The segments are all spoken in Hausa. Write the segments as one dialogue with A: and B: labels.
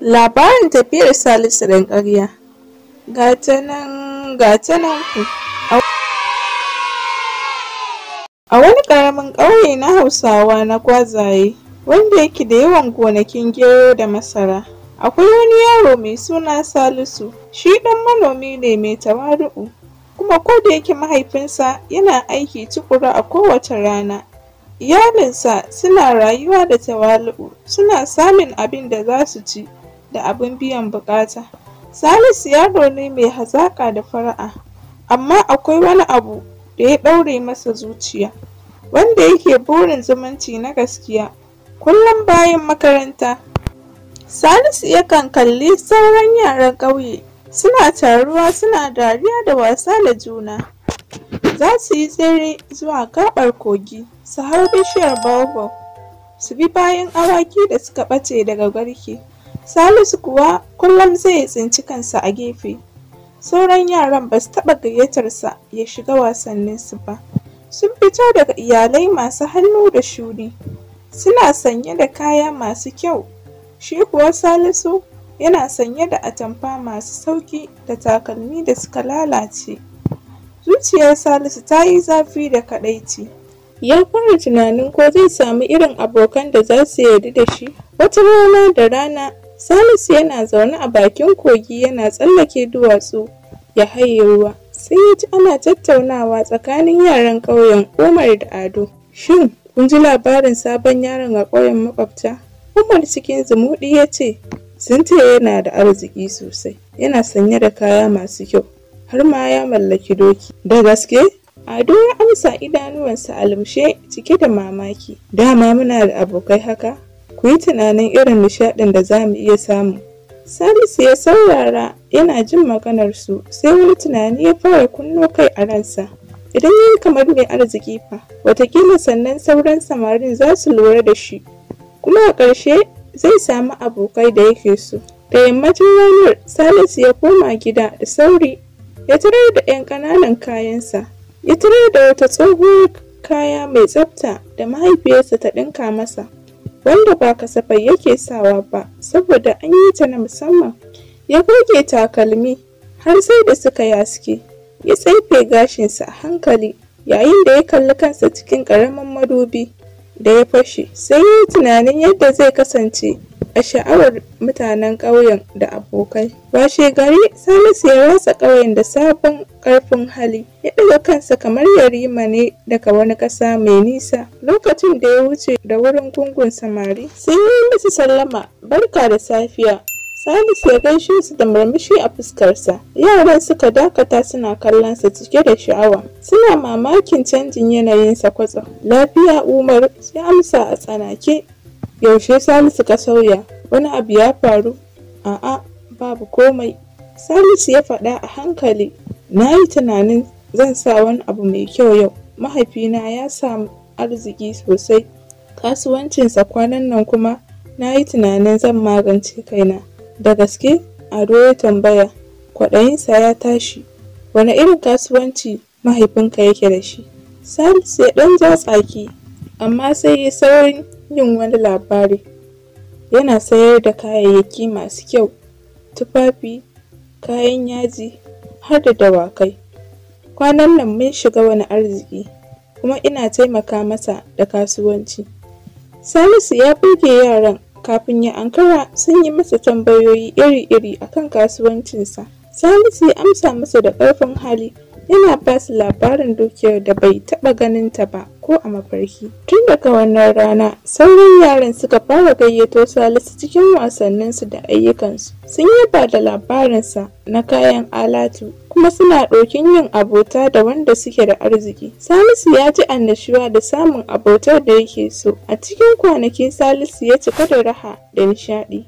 A: labarin tafiyar salisu ɗan ƙarya gata nan nan ku a wani ƙaramin ƙauye na hausawa na kwazaye wanda yake da yawan gonakin gero da masara akwai wani yaro mai suna salisu shi ɗan manomi ne mai tawaru'u kuma ko da yake mahaifinsa yana aiki tukuru a kowace rana iyalinsa suna rayuwa da tawalu'u suna samun abin da za su ci da abin biyan buƙata. Salisu yaro ne mai hazaƙa da fara'a, amma akwai wani abu da ya ɗaure masa zuciya, wanda yake burin zumunci na gaskiya. Kullum bayan makaranta, Salisu yakan kalli sauran yaran ƙauye, suna taruwa suna dariya da wasa da juna. Za su yi tsere zuwa gaɓar kogi, su hau bishiyar baobab, su bi bayan awaki da suka ɓace daga garke. Salisu kuwa kullum zai tsinci kansa a gefe. Sauran yaran ba su taɓa gayyatarsa ya shiga wasannin su ba. Sun fito daga iyalai masu hannu da shuri. Suna sanye da kaya masu kyau. Shi kuwa Salisu yana sanye da atamfa masu sauki da takalmi da suka lalace. Zuciyar Salisu ta yi zafi da kaɗaici. ya fara tunanin ko zai samu irin abokan da za su yarda da shi wata rana da rana Salisu yana zaune a bakin kogi yana tsallake duwatsu ya haye ruwa. Sai ya ji ana tattaunawa tsakanin yaran ƙauyen Umar da Ado. Shin kun ji labarin sabon yaron a ƙauyen makwabta? Umar cikin zumuɗi ya ce, Sinte yana da arziki sosai, yana sanye da kaya masu kyau, har ma ya mallaki doki. Da gaske, Ado ya amsa idanuwansa a lumshe cike da mamaki. Dama muna da abokai haka? ku yi tunanin irin nishaɗin da za mu iya samu. Salisu ya saurara yana jin maganar su sai wani tunani ya fara kunno kai a ransa. Idan yi kamar mai arziki fa, watakila sannan sauran samarin za su lura da shi. Kuma a ƙarshe zai samu abokai da yake so. Da yammacin ranar Salisu ya koma gida da sauri ya tarar da 'yan ƙananan kayansa. Ya tarar da wata tsohuwar kaya mai tsafta da mahaifiyarsa ta ɗinka masa. wanda ba kasafai yake sawa ba saboda an yi ta na musamman ya goge takalmi har sai da suka yaske ya tsaife gashinsa a hankali yayin da ya kalli kansa cikin ƙaramin madubi da ya fashe sai ya yi tunanin yadda zai kasance a sha'awar mutanen ƙauyen da abokai. Washe gari Salisu ya rasa ƙauyen da sabon ƙarfin hali, ya ɗaga kansa kamar yarima ne daga wani ƙasa mai nisa. Lokacin da ya wuce da wurin gungun samari, Sun yi musu sallama, barka da safiya. Salisu ya gaishe su da murmushi a fuskarsa. Yaran suka dakata suna kallon sa cike da sha'awa. Suna mamakin canjin yanayinsa kwatsam. Lafiya Umar ya amsa a tsanake. yaushe salisu ka sauya wani abu ya faru a'a babu komai salisu ya faɗa a hankali na yi tunanin zan sa wani abu mai kyau yau mahaifina ya samu arziki sosai kasuwancinsa kwanan nan kuma na yi tunanin zan magance kaina da gaske ado ya tambaya kwaɗayinsa ya tashi wani irin kasuwanci mahaifinka yake da shi salisu ya ɗan ja tsaki amma sai ya saurin yin wani labari yana sayar da kayayyaki masu kyau tufafi kayan yaji har da dawakai kwanan nan mun shiga wani arziki kuma ina taimaka masa da kasuwanci salisu ya burge yaran kafin ya ankara sun yi masa tambayoyi iri-iri akan kasuwancinsa salisu ya amsa masa da ƙarfin hali yana ba su labarin dukiyar da bai taɓa ganin ta ba ko a mafarki. Tun daga wannan rana, sauran yaran suka fara gayyato Salisu cikin wasanninsu da ayyukansu. Sun yaba da labarinsa na kayan alatu kuma suna ɗokin yin abota da wanda suke da arziki. Salisu ya ji annashuwa da samun abotar da yake so. A cikin kwanakin, Salisu ya cika da raha da nishaɗi.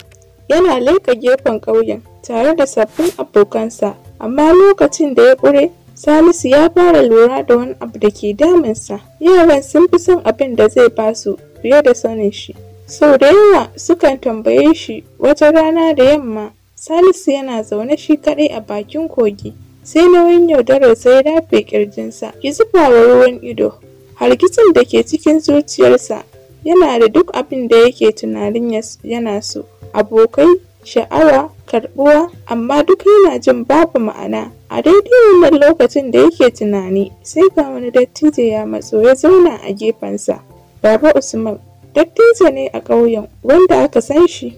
A: Yana leƙa gefen ƙauyen tare da sabbin abokansa, amma lokacin da ya ƙure Salisu ya fara lura da wani abu da ke damunsa. Yaran sun fi son abin da zai basu fiye da sanin shi. Sau da yawa sukan tambaye shi wata rana da yamma Salisu yana zaune shi kaɗai a bakin kogi sai nauyin yaudarar sai rafe kirjinsa ki zuba wa ruwan ido. Hargitsin da ke cikin zuciyarsa yana da duk abin da yake tunanin yana so abokai sha'awa karɓuwa amma duk yana jin babu ma'ana A daidai wannan lokacin da yake tunani sai ga wani dattijo ya matso ya zauna a gefensa. Baba Usman dattijo ne a ƙauyen wanda aka san shi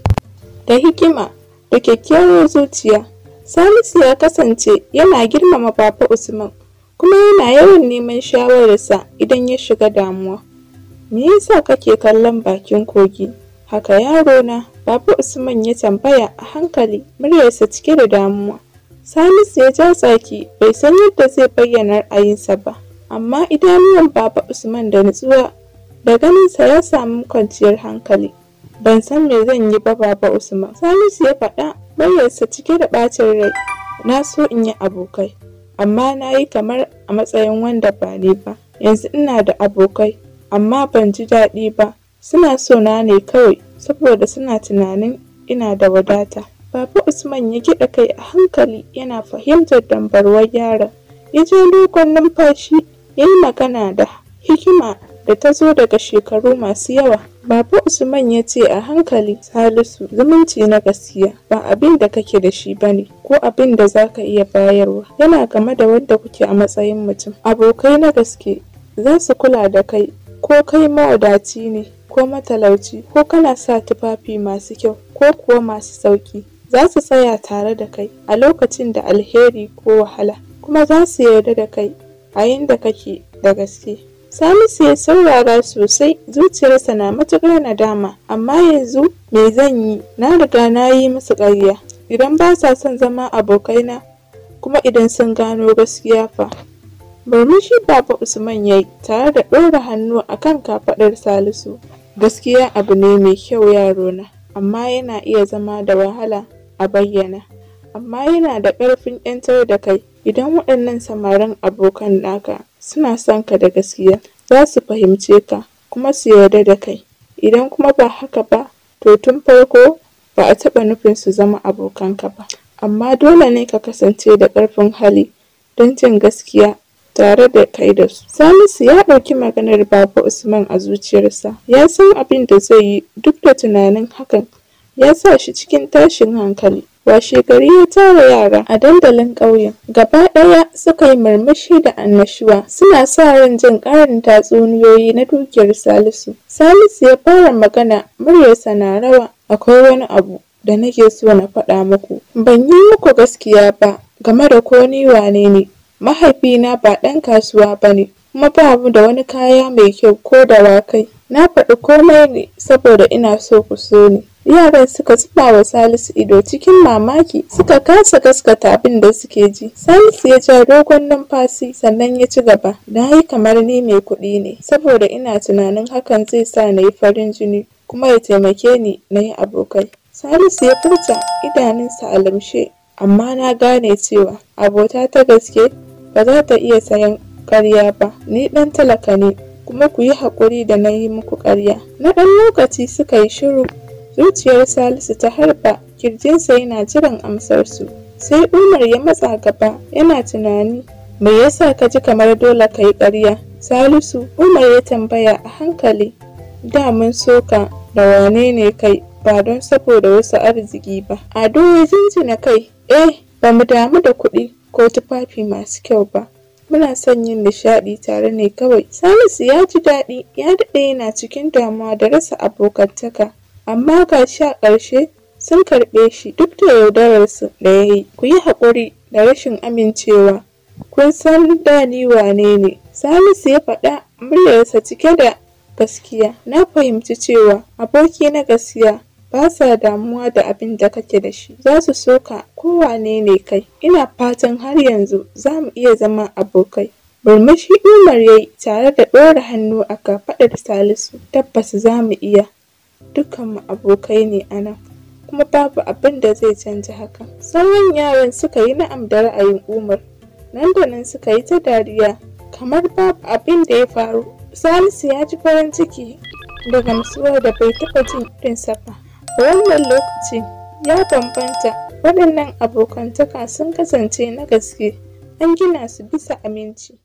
A: da hikima da kyakkyawar zuciya. Salisu ya kasance yana girmama Baba Usman kuma yana yawan neman shawararsa idan ya shiga damuwa. Me yasa kake kallon bakin kogi? Haka yaro na, Baba Usman ya tambaya a hankali muryarsa cike da damuwa. Salisu ya ja tsaki bai san yadda zai bayyana ra'ayinsa ba, amma idanuwan Baba Usman da nutsuwa da ganinsa ya samu kwanciyar hankali. Ban san me zan yi ba Baba Usman. Salisu ya faɗa muryarsa cike da ɓacin rai. Na so in yi abokai, amma na yi kamar a matsayin wanda ba ne ba. Yanzu ina da abokai, amma ban ji daɗi ba. Suna so na ne kawai saboda suna tunanin ina da wadata. Baba Usman ya kiɗa kai a hankali yana fahimtar dambarwar yaron. Ya je dogon numfashi ya yi magana da hikima da ta zo daga shekaru masu yawa. Baba Usman ya ce a hankali Salisu zumunci na gaskiya ba abin da kake da shi ba ne ko abin da za ka iya bayarwa yana game da wanda kuke a matsayin mutum. Abokai na gaske za su kula da kai ko kai mawadaci ne ko matalauci ko kana sa tufafi masu kyau ko kuwa masu sauki za su tsaya tare da kai a lokacin da alheri ko wahala kuma za su yarda da kai a yadda kake da gaske salisu ya saurara sosai zuciyarsa na matuƙar nadama amma yanzu me zan yi na riga na yi musu ƙarya idan ba sa son zama abokaina kuma idan sun gano gaskiya fa murmushi baba usman ya yi tare da ɗora hannu akan kafaɗar salisu gaskiya abu ne mai kyau yaro na, amma yana iya zama da wahala a bayyana amma yana da ƙarfin 'yantar da kai idan waɗannan samarin abokan naka suna son ka da gaskiya za su fahimce ka kuma su yarda da kai idan kuma ba haka ba to tun farko ba a taɓa nufin su zama abokanka ba amma dole ne ka kasance da ƙarfin hali don jin gaskiya tare da kai da su. Salisu ya ɗauki maganar Baba Usman a zuciyarsa, ya san abin da zai yi duk da tunanin hakan ya sa shi cikin tashin hankali. gari ya tara yara a dandalin ƙauyen gaba ɗaya suka yi murmushi da annashuwa suna sa ran jin ƙarin tatsuniyoyi na dukiyar salisu salisu ya fara magana muryarsa na rawa akwai wani abu da nake so na faɗa muku ban yi muku gaskiya ba game da ko ni wane ne mahaifina ba ɗan kasuwa ba ne kuma ba mu da wani kaya mai kyau ko da wakai na faɗi komai ne saboda ina so ku so ni yaran suka zuba wa salisu ido cikin mamaki suka kasa gaskata abin da suke ji salisu ya ja dogon numfasi sannan ya ci gaba da yi kamar ni mai kuɗi ne saboda ina tunanin hakan zai sa na yi farin jini kuma ya taimake ni na yi abokai salisu ya furta idanunsa a lamshe amma na gane cewa abota ta gaske ba za ta iya sayan karya ba ni ɗan talaka ne kuma ku yi haƙuri da na yi muku karya. na ɗan lokaci suka yi shiru zuciyar salisu ta harba kirjinsa yana jiran amsarsu sai umar ya matsa gaba yana tunani me yasa ka ji kamar dole ka yi ƙarya salisu umar ya tambaya a hankali da mun soka da wane ne kai ba don saboda wasu arziki ba ado ya jinjina kai eh ba mu damu da kuɗi ko tufafi masu kyau ba muna son yin nishaɗi tare ne kawai salisu ya ji daɗi ya daɗe yana cikin damuwa da rasa abokantaka amma shi a ƙarshe sun karɓe shi duk da yaudararsu da ya yi ku yi haƙuri da rashin amincewa kun san dani ni wane ne salisu ya faɗa muryarsa cike da gaskiya na fahimci cewa aboki na gaskiya ba sa damuwa da abin da kake da shi za su soka kowane ne kai ina fatan har yanzu za mu iya zama abokai murmushi umar ya yi tare da ɗora hannu a kafaɗar salisu tabbas za mu iya dukkanmu abokai ne a nan kuma babu abin da zai canza hakan sauran yaran suka yi na'am da ra'ayin umar nan da nan suka yi ta dariya kamar babu abin da ya faru salisu ya ji farin ciki da gamsuwar da bai taɓa jin irinsa ba a wannan lokaci ya bambanta waɗannan abokantaka sun kasance na gaske an gina su bisa aminci